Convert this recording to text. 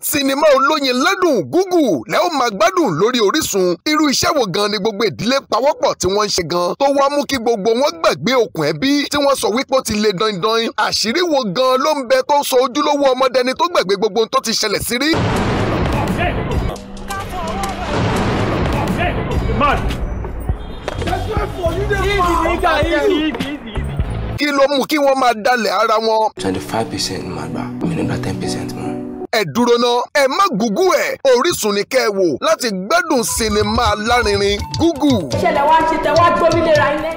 sinimá olóyin lẹ́dùn gúgù lẹ́ ó máa gbádùn lórí Orísun irú iṣẹ́ wo gan ni gbogbo ìdílé pawọ́pọ̀ tí wọ́n ń ṣe gan tó wá mú kí gbogbo wọn gbàgbé okùn ẹbí tí wọ́n sọ wípé ó ti le dandan àṣírí wo gan ló ń bẹ tó sọ ojúlówó ọmọdẹni tó gbàgbé gbogbo tó ti ṣẹlẹ̀ sí rí. kí ló mú kí wọ́n máa dalẹ̀ ara wọn. twenty five percent máa gbà mí nígbà ten percent mọ́ ẹ dúró ná ẹ má gúgú ẹ̀ Orísun ni kẹ́ ẹ wò láti gbádùn sinimá alárinrin gúgù. ṣẹlẹ̀ wá ṣe tẹ wá gbómi lera ilé.